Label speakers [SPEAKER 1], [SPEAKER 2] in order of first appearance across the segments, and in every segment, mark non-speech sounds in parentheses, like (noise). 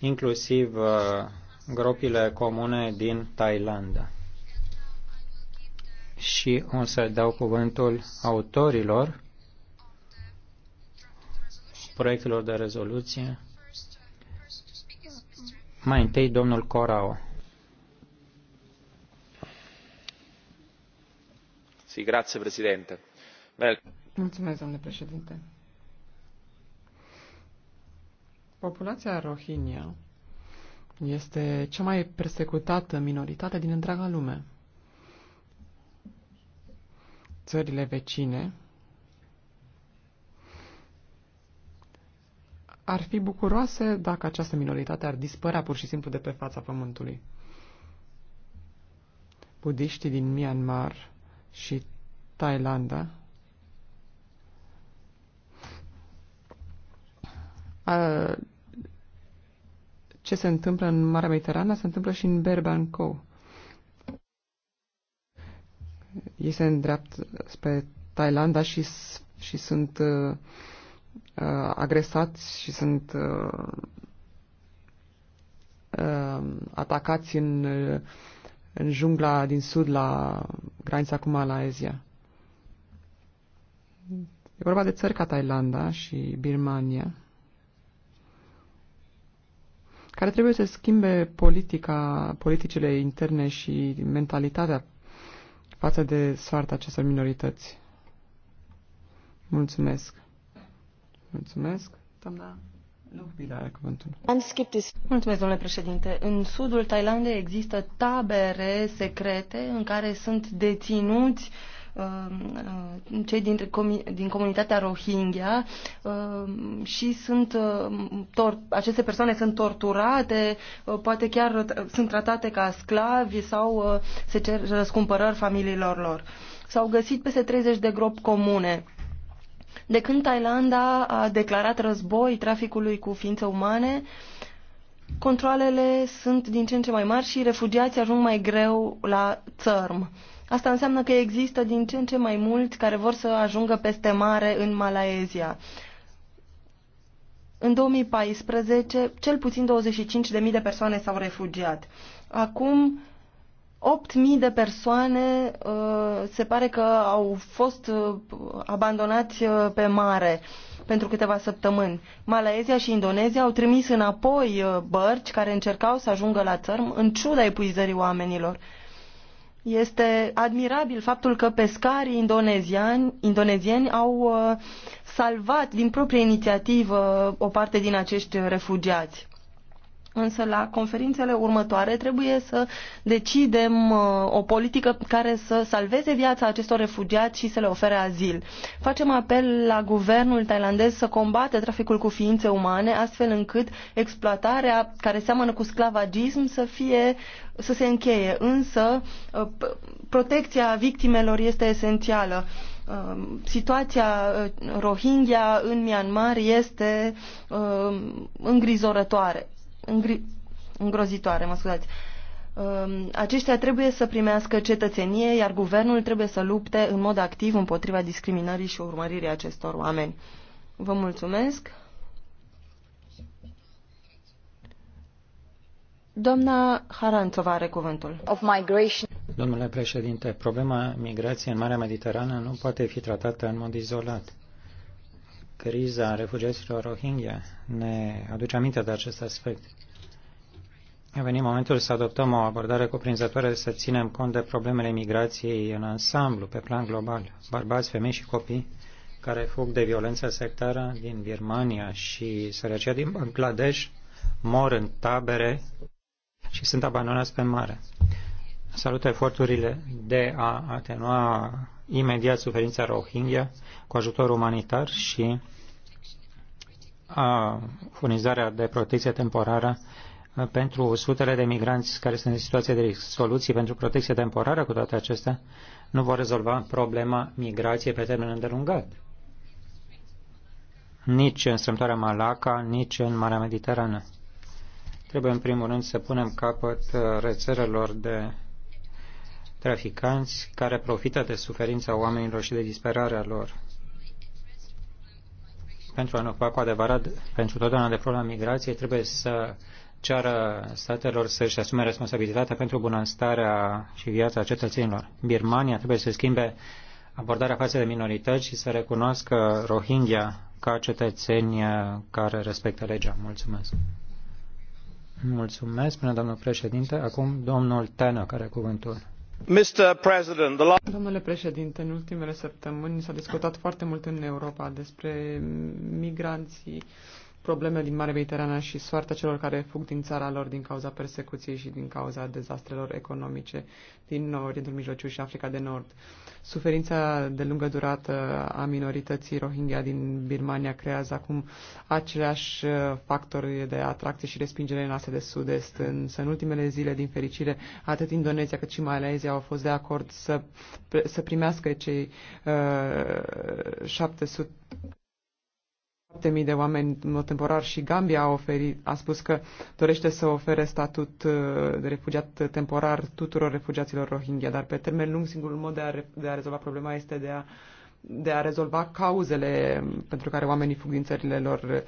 [SPEAKER 1] inclusiv uh, gropile comune din Thailanda. Și o să dau cuvântul autorilor proiectelor de rezoluție. Mai întâi, domnul Corao. Sì, grazie Presidente.
[SPEAKER 2] Mulțumesc, domnule președinte. Populația Rohingya este cea mai persecutată minoritate din întreaga lume. Țările vecine ar fi bucuroase dacă această minoritate ar dispărea pur și simplu de pe fața pământului. Budiștii din Myanmar și Thailanda ce se întâmplă în Marea Mediterană se întâmplă și în Berbanco. Ei se îndreaptă spre Thailanda și, și sunt uh, uh, agresați și sunt uh, uh atacați în, uh, în jungla din sud la granița cu Malaezia. E vorba de țări ca Thailanda și Birmania care trebuie să schimbe politica, politicile interne și mentalitatea față de soarta acestor minorități. Mulțumesc. Mulțumesc.
[SPEAKER 3] Doamna Mulțumesc, domnule președinte. În sudul Thailandei există tabere secrete în care sunt deținuți uh, Um, uh, cei dintre, din comunitatea Rohingya um, și sunt, um, aceste persoane sunt torturate, uh, poate chiar sunt tratate ca sclavi sau uh, se cer răscumpărări familiilor lor. S-au găsit peste 30 de gropi comune. De când Thailanda a declarat război traficului cu ființe umane, controlele sunt din ce în ce mai mari și refugiații ajung mai greu la țărm. Asta înseamnă că există din ce în ce mai mulți care vor să ajungă peste mare în Malaezia. În 2014, cel puțin 25.000 de persoane s-au refugiat. Acum, 8.000 de persoane uh, se pare că au fost uh, abandonați uh, pe mare pentru câteva săptămâni. Malaezia și Indonezia au trimis înapoi bărci care încercau să ajungă la țărm în ciuda epuizării oamenilor. Este admirabil faptul că pescarii indoneziani, indonezieni au uh, salvat din proprie inițiativă uh, o parte din acești refugiați. Însă la conferințele următoare trebuie să decidem uh, o politică care să salveze viața acestor refugiați și să le ofere azil. Facem apel la guvernul tailandez să combată traficul cu ființe umane, astfel încât exploatarea care seamănă cu sclavagism să, fie, să se încheie. Însă uh, protecția victimelor este esențială uh, situația Rohingya în Myanmar este îngrizorătoare îngri... îngrozitoare, mă scuzați. Um, aceștia trebuie să primească cetățenie, iar guvernul trebuie să lupte în mod activ împotriva discriminării și urmăririi acestor oameni. Vă mulțumesc. Doamna Haranțova are cuvântul. Of migration.
[SPEAKER 1] Domnule președinte, problema migrației în Marea Mediterană nu poate fi tratată în mod izolat criza refugiaților Rohingya ne aduce aminte de acest aspect. A venit momentul să adoptăm o abordare cuprinzătoare să ținem cont de problemele migrației în ansamblu, pe plan global. Bărbați, femei și copii care fug de violența sectară din Birmania și sărăcia din Bangladesh mor în tabere și sunt abandonați pe mare. Salut eforturile de a atenua imediat suferința Rohingya cu ajutor umanitar și a, furnizarea de protecție temporară uh, pentru sutele de migranți care sunt în situație de risc. Soluții pentru protecție temporară cu toate acestea nu vor rezolva problema migrației pe termen îndelungat. Nici în strâmtoarea Malaca, nici în Marea Mediterană. Trebuie în primul rând să punem capăt uh, rețelelor de traficanți care profită de suferința oamenilor și de disperarea lor pentru a ne ocupa cu adevărat pentru totdeauna de problema migrației, trebuie să ceară statelor să-și asume responsabilitatea pentru bunăstarea și viața cetățenilor. Birmania trebuie să schimbe abordarea față de minorități și să recunoască Rohingya ca cetățeni care respectă legea. Mulțumesc. Mulțumesc, până domnul președinte. Acum domnul Tenă, care cuvântul.
[SPEAKER 2] Domnule președinte, în ultimele săptămâni s-a discutat foarte mult în Europa despre migranții problemele din Marea Mediterană și soarta celor care fug din țara lor din cauza persecuției și din cauza dezastrelor economice din Orientul Mijlociu și Africa de Nord. Suferința de lungă durată a minorității Rohingya din Birmania creează acum aceleași uh, factori de atracție și respingere în Asia de Sud-Est. Însă în ultimele zile, din fericire, atât Indonezia cât și Malezia au fost de acord să, să primească cei uh, 700 7.000 de oameni temporar și Gambia a, oferit, a spus că dorește să ofere statut uh, de refugiat temporar tuturor refugiaților Rohingya, dar pe termen lung singurul mod de a, de a rezolva problema este de a de a rezolva cauzele pentru care oamenii fug din țările lor,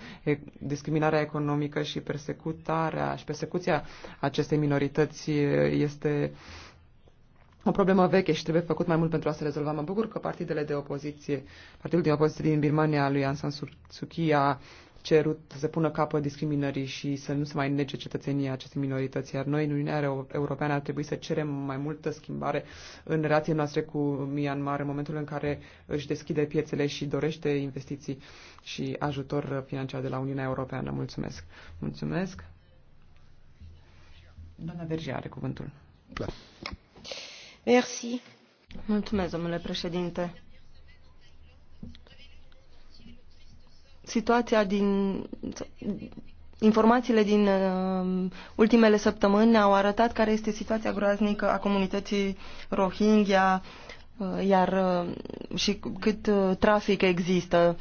[SPEAKER 2] discriminarea economică și persecutarea și persecuția acestei minorități este uh, o problemă veche și trebuie făcut mai mult pentru a se rezolva. Mă bucur că partidele de opoziție, partidul de opoziție din Birmania lui Aung San Suu Kyi a cerut să pună capăt discriminării și să nu se mai nege cetățenia acestei minorități, iar noi în Uniunea Europeană ar trebui să cerem mai multă schimbare în relațiile noastre cu Myanmar în momentul în care își deschide piețele și dorește investiții și ajutor financiar de la Uniunea Europeană. Mulțumesc! Mulțumesc!
[SPEAKER 3] Doamna Verge are cuvântul. Da. Mulțumesc, domnule președinte. Situația din informațiile din uh, ultimele săptămâni au arătat care este situația groaznică a comunității Rohingya uh, iar uh, și cât trafic există.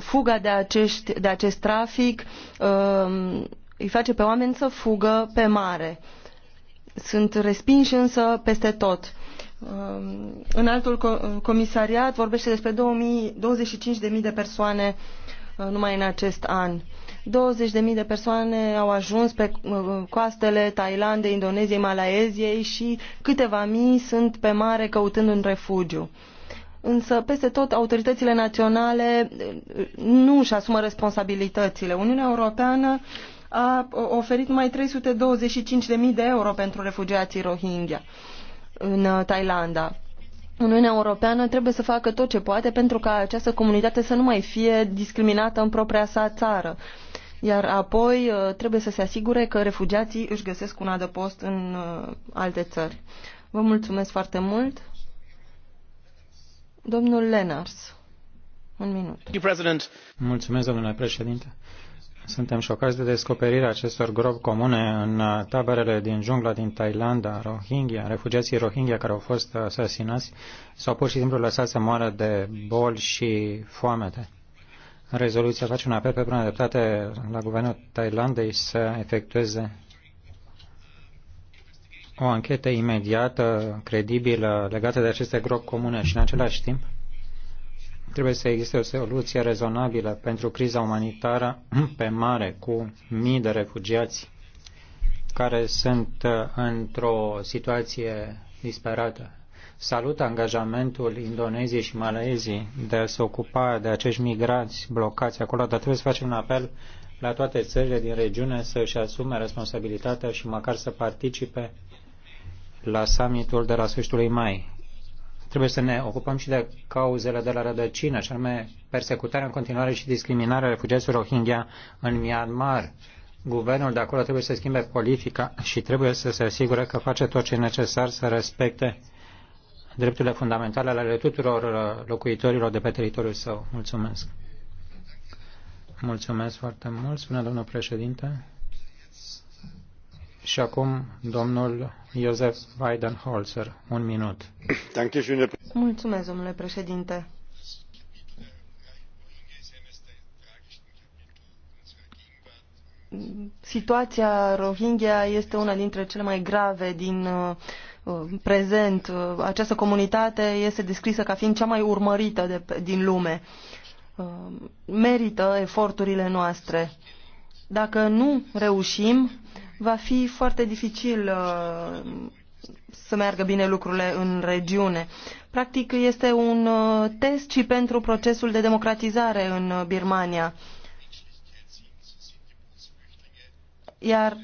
[SPEAKER 3] Fuga de, acești, de acest trafic îi face pe oameni să fugă pe mare. Uh, sunt respinși însă peste tot. Um, în altul comisariat vorbește despre 25.000 de persoane uh, numai în acest an. 20.000 de persoane au ajuns pe uh, coastele Thailandei, Indoneziei, Malaeziei și câteva mii sunt pe mare căutând un refugiu. Însă, peste tot, autoritățile naționale uh, nu își asumă responsabilitățile. Uniunea Europeană a oferit numai 325.000 de euro pentru refugiații Rohingya în uh, Thailanda. Uniunea Europeană trebuie să facă tot ce poate pentru ca această comunitate să nu mai fie discriminată în propria sa țară. Iar apoi uh, trebuie să se asigure că refugiații își găsesc un adăpost în uh, alte țări. Vă mulțumesc foarte mult. Domnul Lenars, un minut.
[SPEAKER 1] Mulțumesc, domnule președinte. Suntem șocați de descoperirea acestor grobi comune în taberele din jungla din Thailanda, Rohingya, refugiații Rohingya care au fost asasinați sau pur și simplu lăsați să moară de boli și foamete. Rezoluția face un apel pe bună dreptate la guvernul Thailandei să efectueze o anchetă imediată, credibilă, legată de aceste grobi comune și în același timp Trebuie să existe o soluție rezonabilă pentru criza umanitară (clears throat) pe mare cu mii de refugiați care sunt uh, într-o situație disperată. Salut angajamentul Indoneziei și Maleziei de a se ocupa de acești migranți blocați acolo, dar trebuie să facem un apel la toate țările din regiune să-și asume responsabilitatea și măcar să participe la summitul de la sfârșitul mai. Trebuie să ne ocupăm și de cauzele de la rădăcină, și anume persecutarea în continuare și discriminarea refugiaților Rohingya în Myanmar. Guvernul de acolo trebuie să schimbe politica și trebuie să se asigure că face tot ce e necesar să respecte drepturile fundamentale ale tuturor uh, locuitorilor de pe teritoriul său. Mulțumesc. Mulțumesc foarte mult, spune domnul președinte. Și acum domnul Iosef Weidenholzer, un minut.
[SPEAKER 3] Mulțumesc, domnule președinte. Situația Rohingya este una dintre cele mai grave din uh, uh, prezent. Uh, această comunitate este descrisă ca fiind cea mai urmărită de, din lume. Merită eforturile noastre. Dacă nu reușim, va fi foarte dificil uh, să meargă bine lucrurile în regiune. Practic este un uh, test și pentru procesul de democratizare în uh, Birmania. Iar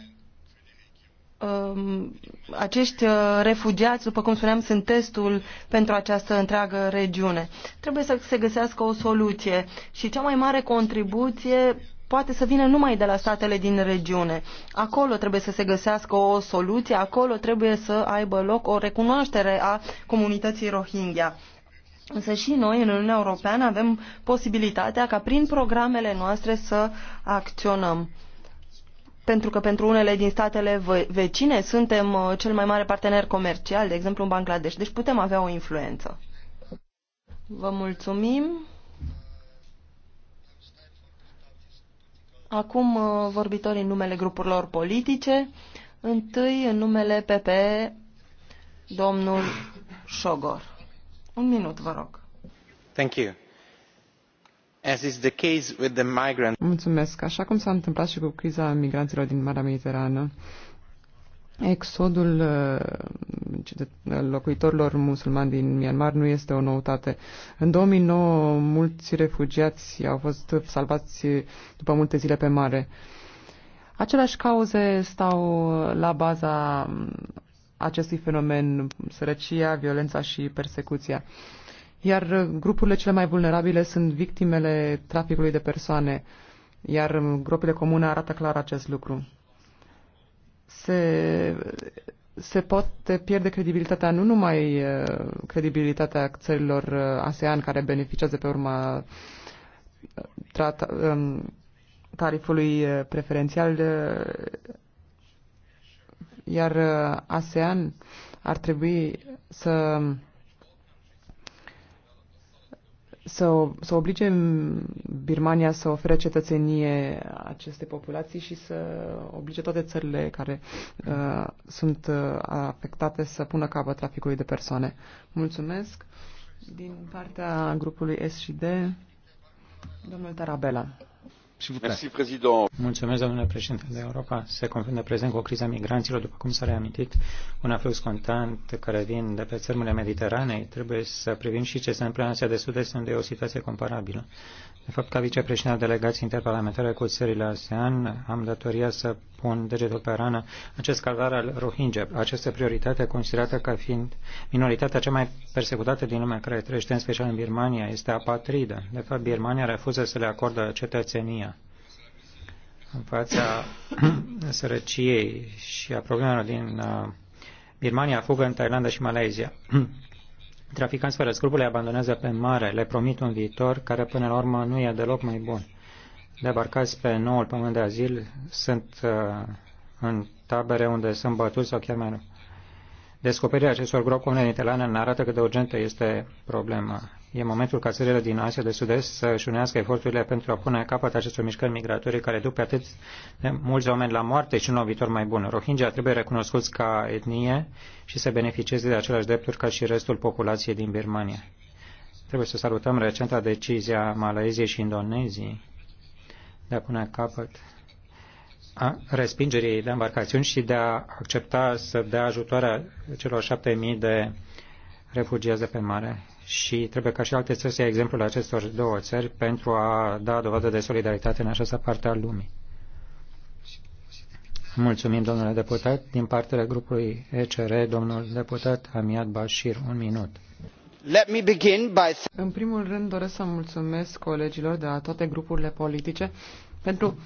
[SPEAKER 3] um, acești refugiați, după cum spuneam, sunt testul pentru această întreagă regiune. Trebuie să se găsească o soluție și cea mai mare contribuție poate să vină numai de la statele din regiune. Acolo trebuie să se găsească o soluție, acolo trebuie să aibă loc o recunoaștere a comunității Rohingya. Însă și noi, în Uniunea Europeană, avem posibilitatea ca prin programele noastre să acționăm. Pentru că pentru unele din statele vecine suntem uh, cel mai mare partener comercial, de exemplu în Bangladesh, deci putem avea o influență. Vă mulțumim. Acum uh, vorbitorii în numele grupurilor politice. Întâi, în numele PP, domnul Șogor. Un minut, vă rog.
[SPEAKER 1] Thank you. As is the case with the migrant...
[SPEAKER 2] Mulțumesc. Așa cum s-a întâmplat și cu criza migranților din Marea Mediterană, Exodul uh, locuitorilor musulmani din Myanmar nu este o noutate. În 2009, mulți refugiați au fost salvați după multe zile pe mare. Aceleași cauze stau la baza um, acestui fenomen, sărăcia, violența și persecuția. Iar uh, grupurile cele mai vulnerabile sunt victimele traficului de persoane, iar um, gropile comune arată clar acest lucru se, se poate pierde credibilitatea, nu numai uh, credibilitatea țărilor uh, ASEAN care beneficiază pe urma uh, um, tarifului preferențial, iar ASEAN ar trebui să să, să oblige Birmania să ofere cetățenie acestei populații și să oblige toate țările care uh, sunt uh, afectate să pună capăt traficului de persoane. Mulțumesc. Din partea grupului S și D, domnul Tarabela.
[SPEAKER 1] Mulțumesc, domnule președinte de Europa. Se confruntă prezent cu o criza migranților, după cum s-a reamintit, un aflux constant care vin de pe țărmurile Mediteranei. Trebuie să privim și ce se întâmplă în Asia de Sud-Est, unde e o situație comparabilă. De fapt, ca vicepreședinte al delegației interparlamentare cu țările ASEAN, am datoria să pun degetul pe rană acest calvar al Rohingya, această prioritate considerată ca fiind minoritatea cea mai persecutată din lumea care trăiește, în special în Birmania, este apatridă. De fapt, Birmania refuză să le acordă cetățenia în fața (clears throat) sărăciei și a problemelor din uh, Birmania, fugă în Thailanda și Malezia. (clears throat) Traficanți fără scrupule abandonează pe mare, le promit un viitor care până la urmă nu e deloc mai bun. Debarcați pe noul pământ de azil, sunt uh, în tabere unde sunt bătuți sau chiar mai rău. Descoperirea acestor în Italia ne arată cât de urgentă este problema. E momentul ca țările din Asia de Sud-Est să-și unească eforturile pentru a pune capăt acestor mișcări migratorii care duc pe atât de mulți oameni la moarte și un nou viitor mai bun. Rohingya trebuie recunoscuți ca etnie și să beneficieze de aceleași drepturi ca și restul populației din Birmania. Trebuie să salutăm recenta decizia Malaeziei și Indoneziei de a pune capăt a respingerii de embarcațiuni și de a accepta să dea ajutoarea celor șapte mii de refugiați de pe mare și trebuie ca și alte țări să ia exemplul acestor două țări pentru a da dovadă de solidaritate în această parte a lumii. Mulțumim, domnule deputat. Din partea grupului ECR, domnul deputat Amiad Bashir, un minut.
[SPEAKER 2] Let me begin by... În primul rând doresc să mulțumesc colegilor de la toate grupurile politice pentru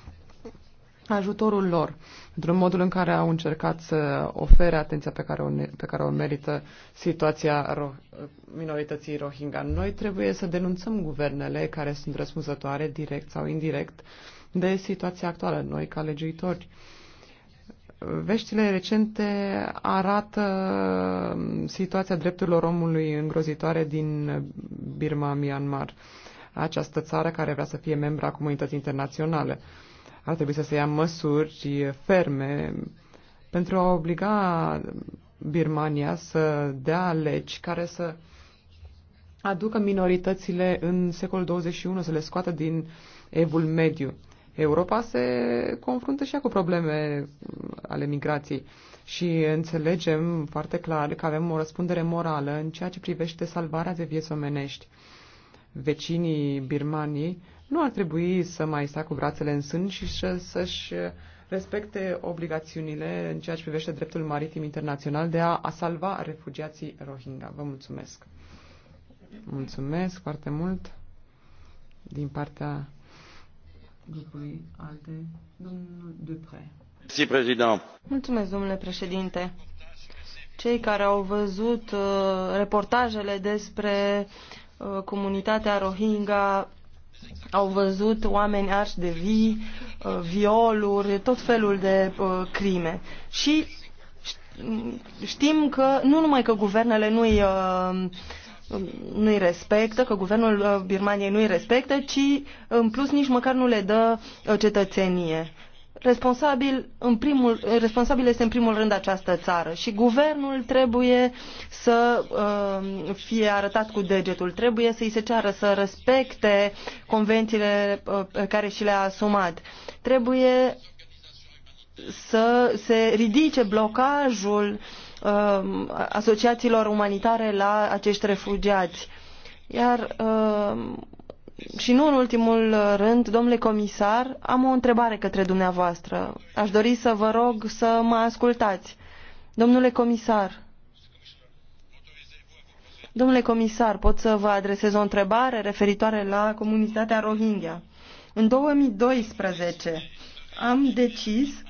[SPEAKER 2] ajutorul lor, într-un modul în care au încercat să ofere atenția pe care o, ne, pe care o merită situația ro, minorității Rohingya. Noi trebuie să denunțăm guvernele care sunt răspunzătoare, direct sau indirect, de situația actuală, noi ca legiuitori. Veștile recente arată uh, situația drepturilor omului îngrozitoare din Birma, Myanmar, această țară care vrea să fie membra comunității internaționale ar trebui să se ia măsuri ferme pentru a obliga Birmania să dea legi care să aducă minoritățile în secolul 21, să le scoată din evul mediu. Europa se confruntă și ea cu probleme ale migrației și înțelegem foarte clar că avem o răspundere morală în ceea ce privește salvarea de vieți omenești. Vecinii Birmaniei nu ar trebui să mai stea cu brațele în sân și să-și respecte obligațiunile în ceea ce privește dreptul maritim internațional de a, a salva refugiații Rohingya. Vă mulțumesc! Mulțumesc foarte mult din partea grupului alte domnul Dupre.
[SPEAKER 3] Mulțumesc, domnule președinte. Cei care au văzut uh, reportajele despre uh, comunitatea Rohingya au văzut oameni arși de vii, uh, violuri, tot felul de uh, crime. Și știm că nu numai că guvernele nu-i uh, nu respectă, că guvernul Birmaniei nu-i respectă, ci în plus nici măcar nu le dă cetățenie responsabil, în primul, responsabil este în primul rând această țară și guvernul trebuie să uh, fie arătat cu degetul, trebuie să-i se ceară să respecte convențiile uh, pe care și le-a asumat. Trebuie să se ridice blocajul uh, asociațiilor umanitare la acești refugiați. Iar uh, și nu în ultimul rând, domnule comisar, am o întrebare către dumneavoastră. Aș dori să vă rog să mă ascultați. Domnule comisar, domnule comisar, pot să vă adresez o întrebare referitoare la comunitatea Rohingya. În 2012 am decis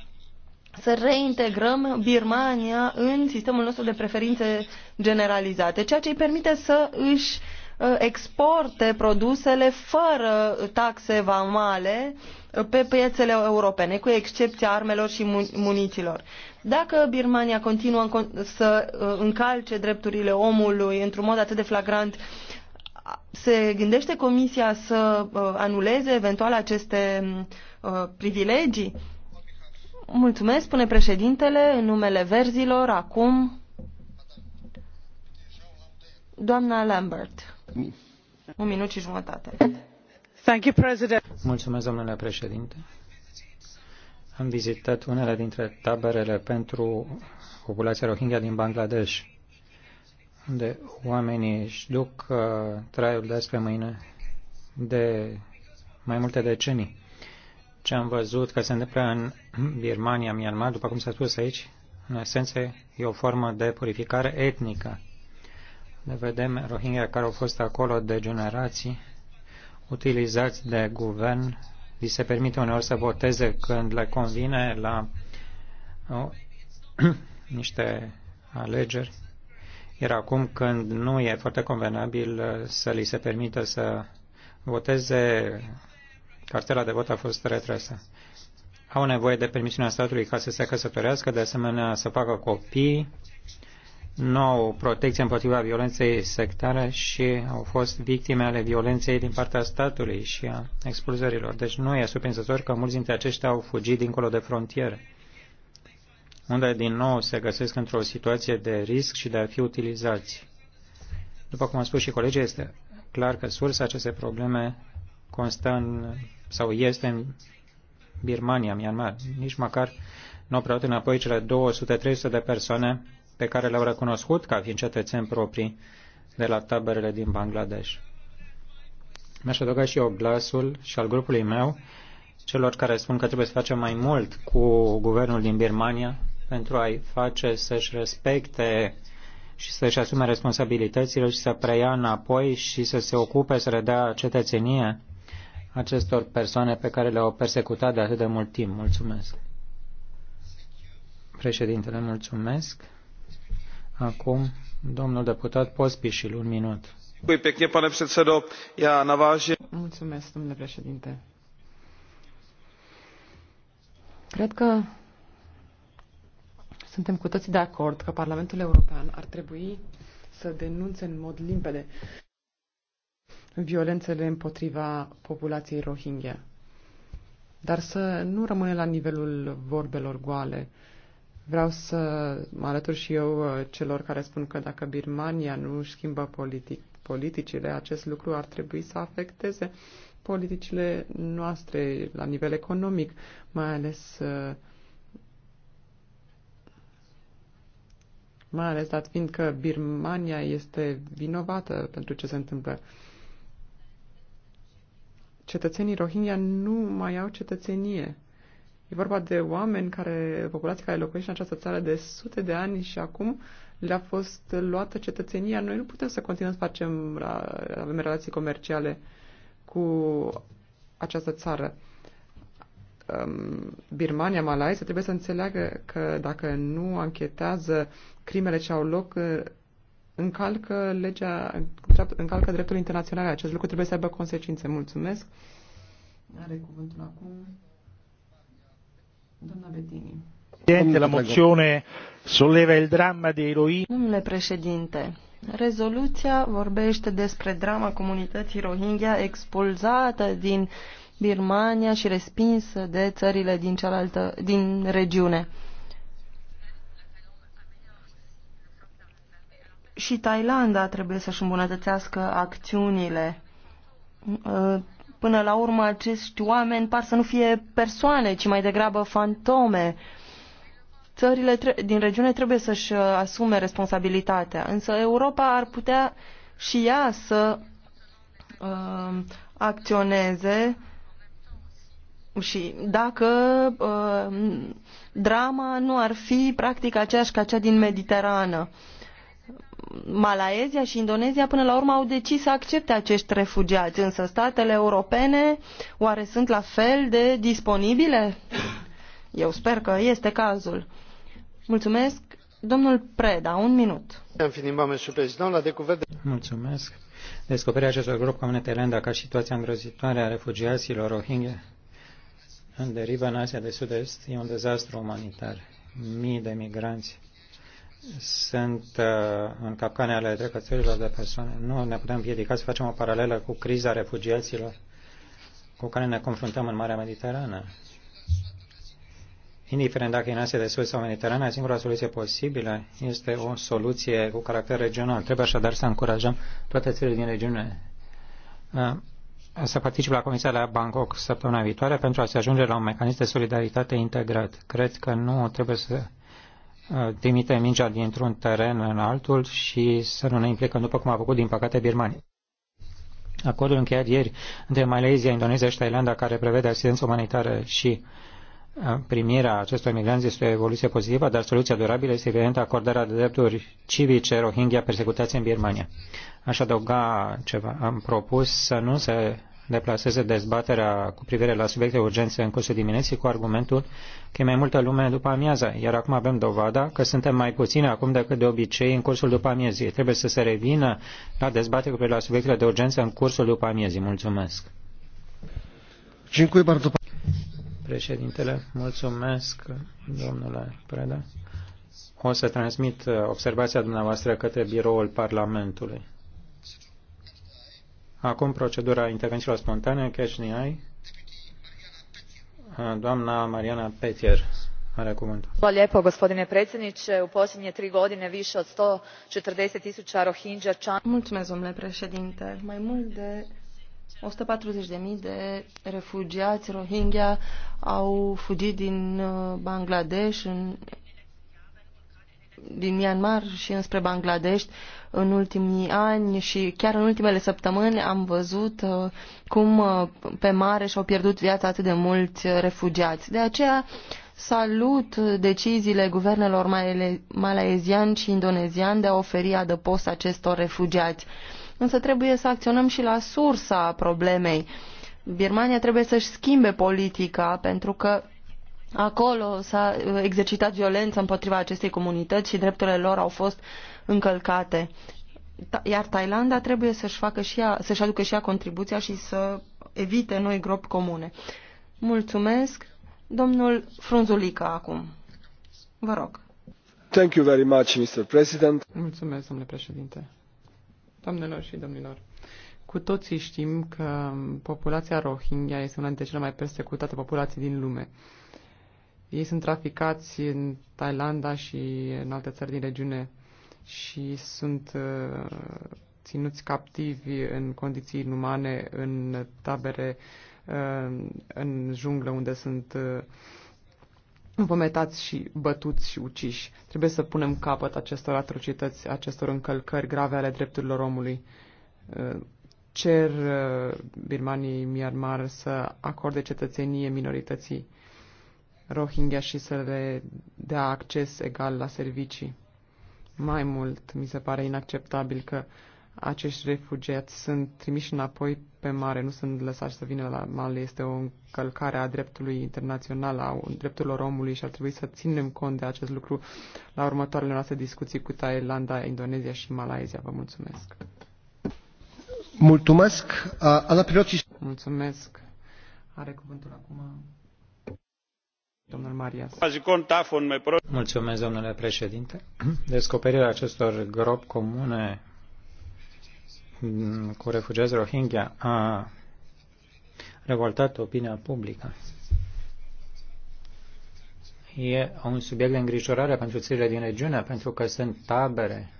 [SPEAKER 3] să reintegrăm Birmania în sistemul nostru de preferințe generalizate, ceea ce îi permite să își uh, Uh, exporte produsele fără taxe vamale uh, pe piețele europene, cu excepția armelor și municiilor. Dacă Birmania continuă să uh, încalce drepturile omului într-un mod atât de flagrant, se gândește Comisia să anuleze eventual aceste privilegii? Mulțumesc, spune președintele, în numele verzilor, acum, doamna Lambert.
[SPEAKER 1] Mulțumesc, domnule președinte. Am vizitat unele dintre taberele pentru populația Rohingya din Bangladesh, unde oamenii își duc uh, traiul de azi pe mâine de mai multe decenii. Ce am văzut că se întâmplă în Birmania, Myanmar, după cum s-a spus aici, în esență e o formă de purificare etnică ne vedem Rohingya care au fost acolo de generații, utilizați de guvern, li se permite uneori să voteze când le convine la o, (clears throat) niște alegeri, iar acum când nu e foarte convenabil uh, să li se permită să voteze, cartela de vot a fost retrasă. Au nevoie de permisiunea statului ca să se căsătorească, de asemenea să facă copii, nouă protecție împotriva violenței sectare și au fost victime ale violenței din partea statului și a expulzărilor. Deci nu e surprinzător că mulți dintre aceștia au fugit dincolo de frontiere, unde din nou se găsesc într-o situație de risc și de a fi utilizați. După cum am spus și colegii, este clar că sursa acestei probleme constă în, sau este în Birmania, Myanmar. Nici măcar nu au preluat înapoi cele 200-300 de persoane pe care le-au recunoscut ca fiind cetățeni proprii de la taberele din Bangladesh. Mi-aș adăuga și eu glasul și al grupului meu celor care spun că trebuie să facem mai mult cu guvernul din Birmania pentru a-i face să-și respecte și să-și asume responsabilitățile și să preia înapoi și să se ocupe să redea cetățenie acestor persoane pe care le-au persecutat de atât de mult timp. Mulțumesc. Președintele, mulțumesc. Acum, domnul deputat Pospișil, un minut.
[SPEAKER 2] Mulțumesc, domnule președinte. Cred că suntem cu toții de acord că Parlamentul European ar trebui să denunțe în mod limpede violențele împotriva populației Rohingya. Dar să nu rămâne la nivelul vorbelor goale, Vreau să mă alătur și eu uh, celor care spun că dacă Birmania nu își schimbă politic, politicile, acest lucru ar trebui să afecteze politicile noastre la nivel economic, mai ales uh, mai ales dat fiind că Birmania este vinovată pentru ce se întâmplă. Cetățenii Rohingya nu mai au cetățenie. E vorba de oameni care, populația care locuiește în această țară de sute de ani și acum le-a fost luată cetățenia. Noi nu putem să continuăm să facem, avem relații comerciale cu această țară. Um, Birmania, Malaysia trebuie să înțeleagă că dacă nu anchetează crimele ce au loc, uh, încalcă legea, încalcă dreptul internațional. Acest lucru trebuie să aibă consecințe. Mulțumesc.
[SPEAKER 3] Are cuvântul
[SPEAKER 2] acum la
[SPEAKER 3] solleva il dramma Domnule președinte, rezoluția vorbește despre drama comunității Rohingya expulzată din Birmania și respinsă de țările din, cealaltă, din regiune. Și Thailanda trebuie să-și îmbunătățească acțiunile. Până la urmă, acești oameni par să nu fie persoane, ci mai degrabă fantome. Țările din regiune trebuie să-și uh, asume responsabilitatea, însă Europa ar putea și ea să uh, acționeze și dacă uh, drama nu ar fi practic aceeași ca cea din Mediterană. Uh, Malaysia și Indonezia până la urmă au decis să accepte acești refugiați, însă statele europene oare sunt la fel de disponibile? Eu sper că este cazul. Mulțumesc. Domnul Preda, un minut.
[SPEAKER 1] Mulțumesc. Descoperirea acestor grup ca Thailanda ca situația îngrozitoare a refugiaților Rohingya în derivă în Asia de Sud-Est e un dezastru umanitar. Mii de migranți sunt uh, în capcane ale trecătorilor de persoane. Nu ne putem piedica să facem o paralelă cu criza refugiaților cu care ne confruntăm în Marea Mediterană. Indiferent dacă e în Asia de Sud sau Mediterana, singura soluție posibilă este o soluție cu caracter regional. Trebuie așadar să încurajăm toate țările din regiune uh, să participe la Comisia la Bangkok săptămâna viitoare pentru a se ajunge la un mecanism de solidaritate integrat. Cred că nu trebuie să trimite mingea dintr-un teren în altul și să nu ne implicăm, după cum a făcut, din păcate, Birmania. Acordul încheiat ieri între Malezia, Indonezia și Thailanda, care prevede asistență umanitară și uh, primirea acestor migranți este o evoluție pozitivă, dar soluția durabilă este evident acordarea de drepturi civice Rohingya persecutați în Birmania. Aș adăuga ceva. Am propus să nu se deplaseze dezbaterea cu privire la subiecte urgențe în cursul dimineții cu argumentul că e mai multă lume după amiază, iar acum avem dovada că suntem mai puțini acum decât de obicei în cursul după amiezii. Trebuie să se revină la dezbatere cu privire la subiectele de urgență în cursul după amiezii. Mulțumesc. Președintele, mulțumesc, domnule Preda. O să transmit observația dumneavoastră către biroul Parlamentului. Acum procedura intervențiilor spontane, catch the eye. Doamna Mariana Petier are cuvântul.
[SPEAKER 3] Hvala lijepo, gospodine predsjedniče. U posljednje tri godine više od 140 tisuća rohinđa... Mulțumesc, domnule președinte. Mai mult de 140.000 de refugiați Rohingya au fugit din uh, Bangladesh în din Myanmar și înspre Bangladesh în ultimii ani și chiar în ultimele săptămâni am văzut uh, cum uh, pe mare și-au pierdut viața atât de mulți refugiați. De aceea salut deciziile guvernelor malaezian și indonezian de a oferi adăpost acestor refugiați. Însă trebuie să acționăm și la sursa problemei. Birmania trebuie să-și schimbe politica pentru că Acolo s-a uh, exercitat violență împotriva acestei comunități și drepturile lor au fost încălcate. Iar Thailanda trebuie să-și, facă și ea, să-și aducă și ea contribuția și să evite noi gropi comune. Mulțumesc. Domnul Frunzulică acum. Vă rog.
[SPEAKER 2] Thank you very much, Mr. President. Mulțumesc, domnule președinte. Doamnelor și domnilor, cu toții știm că populația Rohingya este una dintre cele mai persecutate populații din lume. Ei sunt traficați în Thailanda și în alte țări din regiune și sunt uh, ținuți captivi în condiții inumane, în tabere, uh, în junglă unde sunt uh, vometați și bătuți și uciși. Trebuie să punem capăt acestor atrocități, acestor încălcări grave ale drepturilor omului. Cer Birmanii Myanmar să acorde cetățenie minorității Rohingya și să le dea acces egal la servicii. Mai mult, mi se pare inacceptabil că acești refugiați sunt trimiși înapoi pe mare, nu sunt lăsați să vină la mal. Este o încălcare a dreptului internațional, a drepturilor omului și ar trebui să ținem cont de acest lucru la următoarele noastre discuții cu Thailanda, Indonezia și Malaezia. Vă mulțumesc! Mulțumesc! Mulțumesc! Are cuvântul acum
[SPEAKER 1] domnule președinte. Descoperirea acestor gropi comune cu refugiați Rohingya a revoltat opinia publică. E un subiect de îngrijorare pentru țările din regiune, pentru că sunt tabere,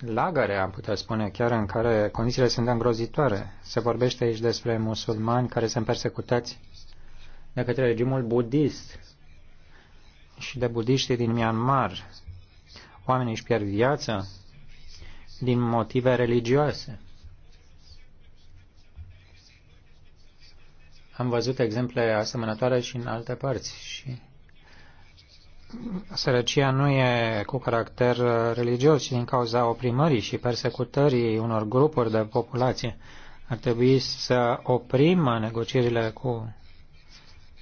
[SPEAKER 1] lagăre, am putea spune, chiar în care condițiile sunt îngrozitoare. Se vorbește aici despre musulmani care sunt persecutați de către regimul budist și de budiști din Myanmar. Oamenii își pierd viața din motive religioase. Am văzut exemple asemănătoare și în alte părți și sărăcia nu e cu caracter religios, ci din cauza oprimării și persecutării unor grupuri de populație. Ar trebui să oprim negocierile cu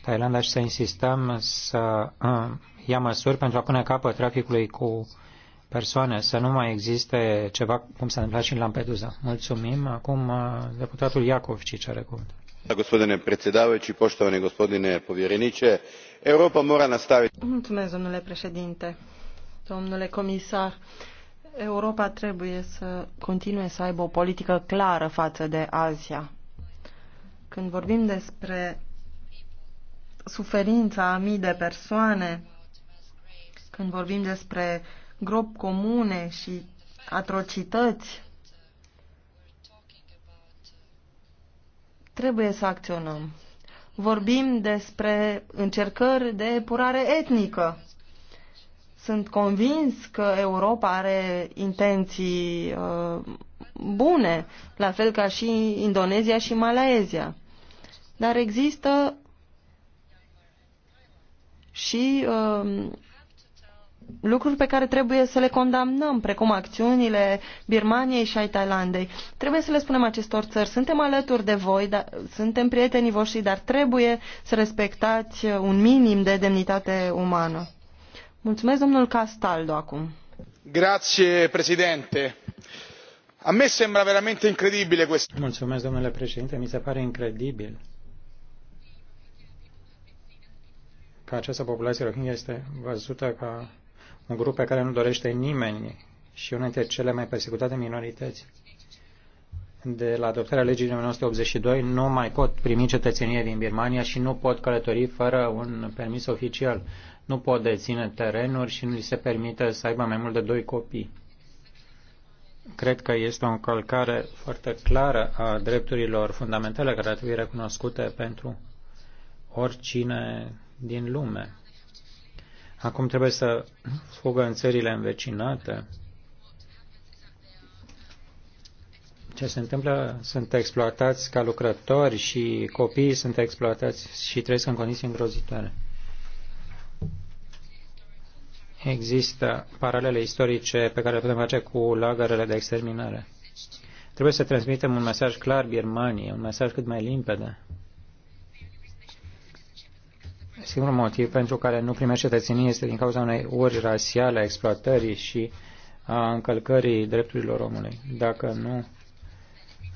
[SPEAKER 1] Thailanda și să insistăm să uh, ia măsuri pentru a pune capăt traficului cu persoane, să nu mai existe ceva cum s-a întâmplat și în Lampedusa. Mulțumim. Acum uh, deputatul ce are
[SPEAKER 2] Da, Gospodine predsjedavajući, poštovani gospodine povjereniče, Europa mora nastaviti.
[SPEAKER 3] Mulțumesc, domnule președinte, domnule comisar. Europa trebuie să continue să aibă o politică clară față de Asia. Când vorbim despre suferința a mii de persoane, când vorbim despre gropi comune și atrocități, trebuie să acționăm. Vorbim despre încercări de epurare etnică. Sunt convins că Europa are intenții uh, bune, la fel ca și Indonezia și Malaezia. Dar există și um, lucruri pe care trebuie să le condamnăm, precum acțiunile Birmaniei și ai Thailandei. Trebuie să le spunem acestor țări, suntem alături de voi, dar, suntem prietenii voștri, dar trebuie să respectați un minim de demnitate umană. Mulțumesc, domnul Castaldo, acum. Grazie, președinte.
[SPEAKER 1] A me sembra veramente incredibile questo. Mulțumesc, domnule președinte, mi se pare incredibil că această populație Rohingya este văzută ca un grup pe care nu dorește nimeni și una dintre cele mai persecutate minorități. De la adoptarea legii din 1982 nu mai pot primi cetățenie din Birmania și nu pot călători fără un permis oficial. Nu pot deține terenuri și nu li se permite să aibă mai mult de doi copii. Cred că este o încălcare foarte clară a drepturilor fundamentale care ar trebui recunoscute pentru oricine din lume. Acum trebuie să fugă în țările învecinate. Ce se întâmplă? Sunt exploatați ca lucrători și copiii sunt exploatați și trăiesc în condiții îngrozitoare. Există paralele istorice pe care le putem face cu lagărele de exterminare. Trebuie să transmitem un mesaj clar Birmaniei, un mesaj cât mai limpede. Singurul motiv pentru care nu primește cetățenie este din cauza unei ori rasiale a exploatării și a încălcării drepturilor omului. Dacă nu,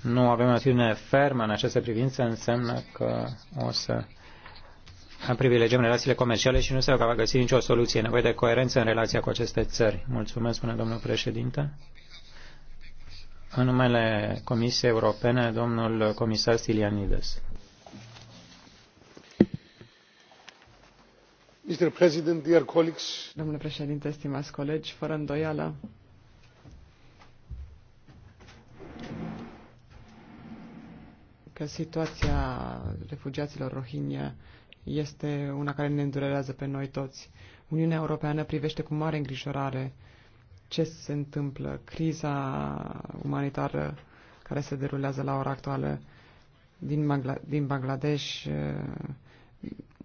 [SPEAKER 1] nu avem o atitudine fermă în această privință, înseamnă că o să privilegiem relațiile comerciale și nu se va găsi nicio soluție. Nevoie de coerență în relația cu aceste țări. Mulțumesc, spune domnul președinte. În numele Comisiei Europene, domnul comisar Stilianides.
[SPEAKER 2] domnule președinte stimați colegi fără îndoială că situația refugiaților rohingya este una care ne îndurerează pe noi toți. Uniunea Europeană privește cu mare îngrijorare ce se întâmplă, criza umanitară care se derulează la ora actuală din, din Bangladesh,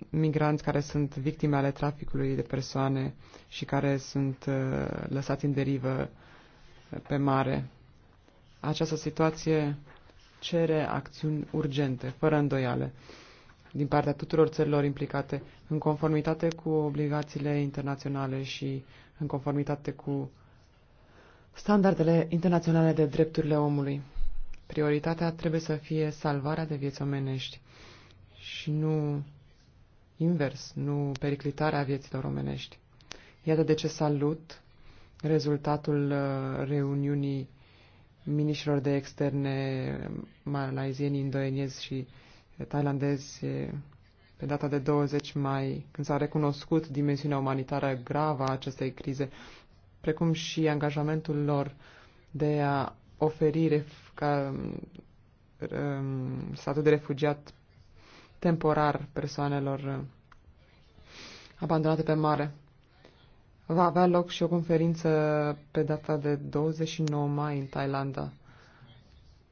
[SPEAKER 2] migranți care sunt victime ale traficului de persoane și care sunt uh, lăsați în derivă uh, pe mare. Această situație cere acțiuni urgente, fără îndoială, din partea tuturor țărilor implicate, în conformitate cu obligațiile internaționale și în conformitate cu standardele internaționale de drepturile omului. Prioritatea trebuie să fie salvarea de vieți omenești și nu invers, nu periclitarea vieților omenești. Iată de ce salut rezultatul uh, reuniunii miniștrilor de externe malaizieni, indoenezi și tailandezi pe data de 20 mai, când s-a recunoscut dimensiunea umanitară gravă a acestei crize, precum și angajamentul lor de a oferi ref, ca, um, statul de refugiat temporar persoanelor uh, abandonate pe mare. Va avea loc și o conferință pe data de 29 mai în Thailanda,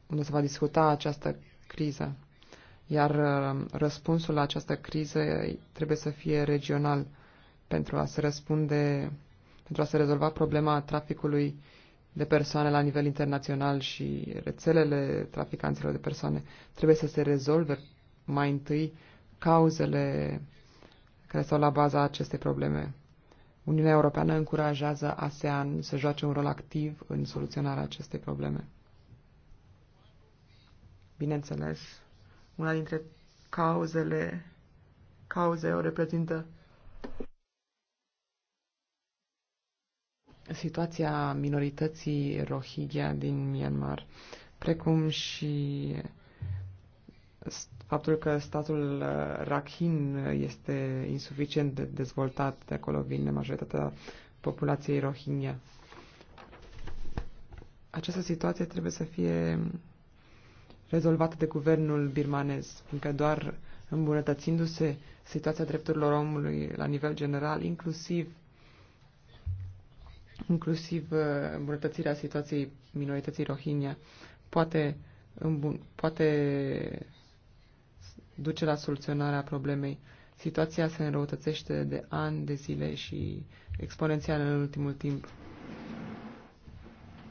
[SPEAKER 2] unde se va discuta această criză. Iar uh, răspunsul la această criză trebuie să fie regional pentru a se răspunde, pentru a se rezolva problema traficului de persoane la nivel internațional și rețelele traficanților de persoane. Trebuie să se rezolve mai întâi cauzele care stau la baza acestei probleme. Uniunea Europeană încurajează ASEAN să joace un rol activ în soluționarea acestei probleme. Bineînțeles, una dintre cauzele cauze o reprezintă situația minorității Rohingya din Myanmar, precum și faptul că statul uh, Rakhine este insuficient de dezvoltat, de acolo vine majoritatea populației Rohingya. Această situație trebuie să fie rezolvată de guvernul birmanez, fiindcă doar îmbunătățindu-se situația drepturilor omului la nivel general, inclusiv inclusiv uh, îmbunătățirea situației minorității Rohingya, poate, îmbun, poate duce la soluționarea problemei. Situația se înrăutățește de ani de zile și exponențial în ultimul timp.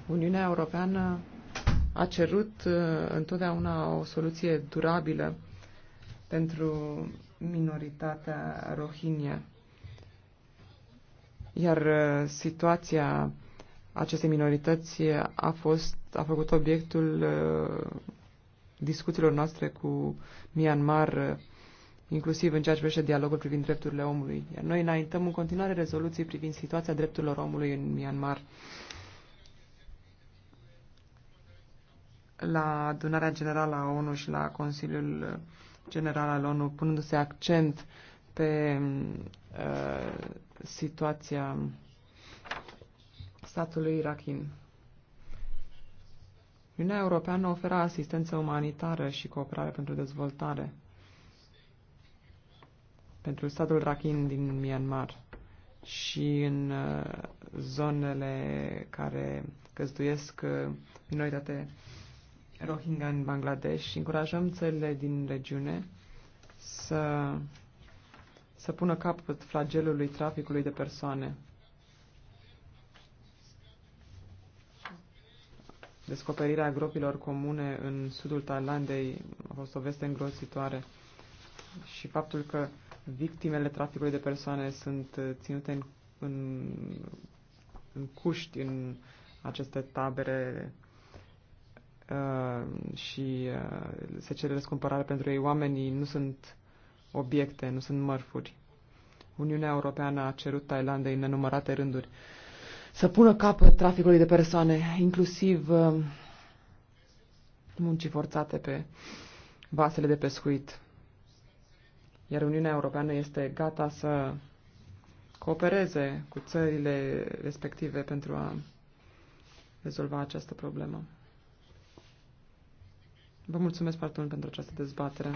[SPEAKER 2] Uniunea Europeană a cerut uh, întotdeauna o soluție durabilă pentru minoritatea rohinie. Iar uh, situația acestei minorități a fost a făcut obiectul uh, discuțiilor noastre cu Myanmar, inclusiv în ceea ce privește dialogul privind drepturile omului. Iar noi înaintăm în continuare rezoluții privind situația drepturilor omului în Myanmar. La adunarea generală a ONU și la Consiliul General al ONU, punându-se accent pe uh, situația statului irachin. Uniunea Europeană oferă asistență umanitară și cooperare pentru dezvoltare pentru statul Rakhine din Myanmar și în uh, zonele care căzduiesc uh, minoritate Rohingya în Bangladesh și încurajăm țările din regiune să, să pună capăt flagelului traficului de persoane. Descoperirea gropilor comune în sudul Thailandei a fost o veste îngrozitoare și faptul că victimele traficului de persoane sunt uh, ținute în, în, în cuști în aceste tabere uh, și uh, se cere răscumpărare pentru ei. Oamenii nu sunt obiecte, nu sunt mărfuri. Uniunea Europeană a cerut Thailandei în nenumărate rânduri uh, să pună capăt traficului de persoane, inclusiv um, muncii forțate pe vasele de pescuit. Iar Uniunea Europeană este gata să coopereze cu țările respective pentru a rezolva această problemă. Vă mulțumesc foarte mult pentru această dezbatere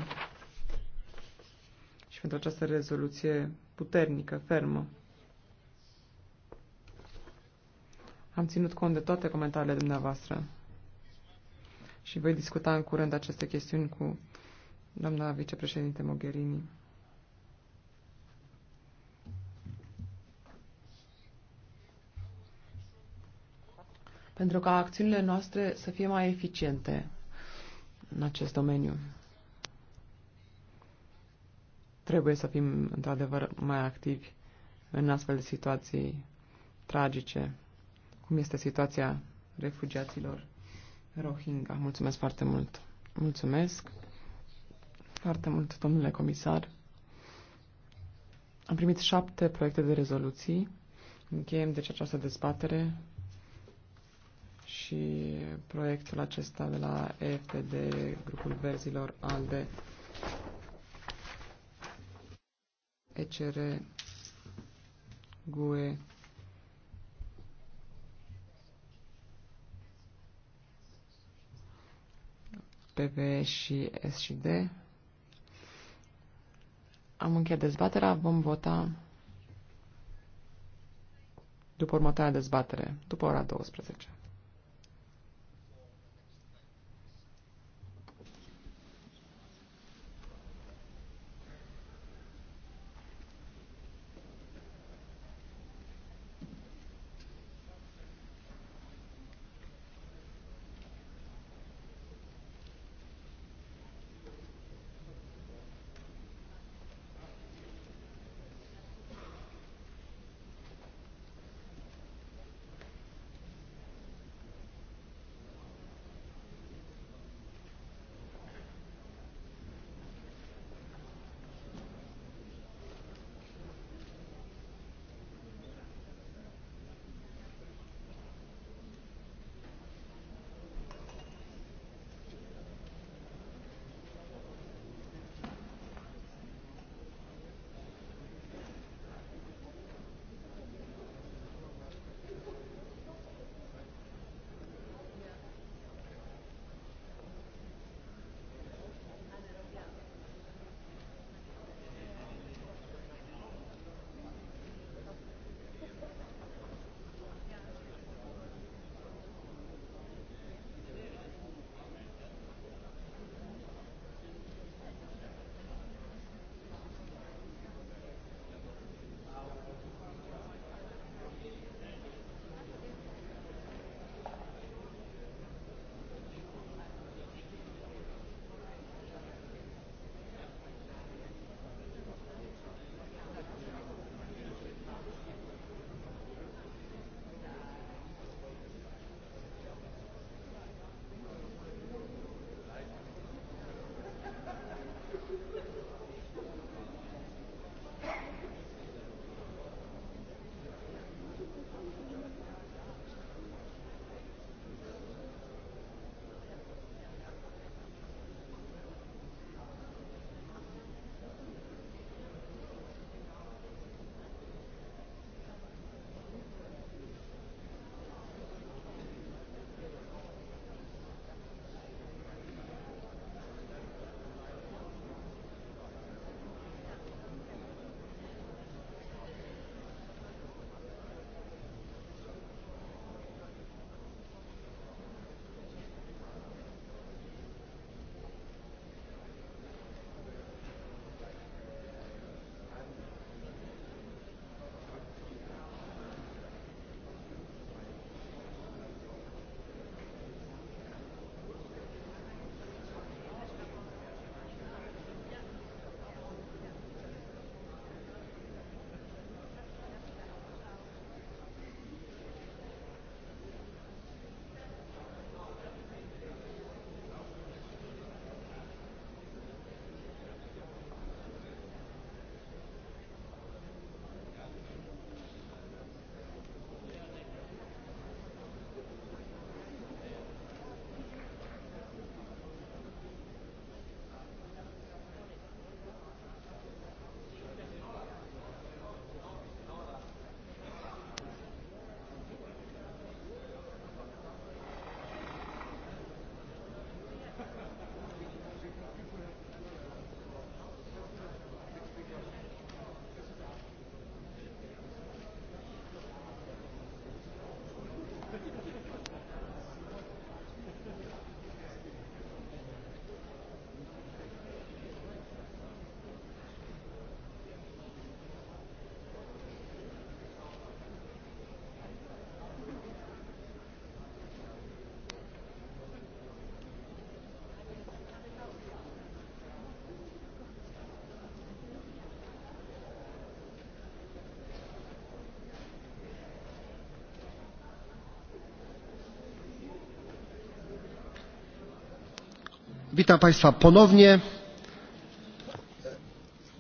[SPEAKER 2] și pentru această rezoluție puternică, fermă. Am ținut cont de toate comentariile dumneavoastră și voi discuta în curând aceste chestiuni cu doamna vicepreședinte Mogherini. Pentru ca acțiunile noastre să fie mai eficiente în acest domeniu. Trebuie să fim, într-adevăr, mai activi în astfel de situații tragice cum este situația refugiaților Rohingya. Mulțumesc foarte mult. Mulțumesc foarte mult, domnule comisar. Am primit șapte proiecte de rezoluții. Încheiem deci această dezbatere și proiectul acesta de la EFD, grupul verzilor ALDE, ECR, GUE, PV și S și D. Am încheiat dezbaterea, vom vota după următoarea dezbatere, după ora 12.
[SPEAKER 1] witam państwa ponownie.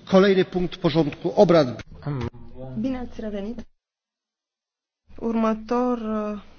[SPEAKER 1] kolejny punkt porządku obrad.
[SPEAKER 3] Următor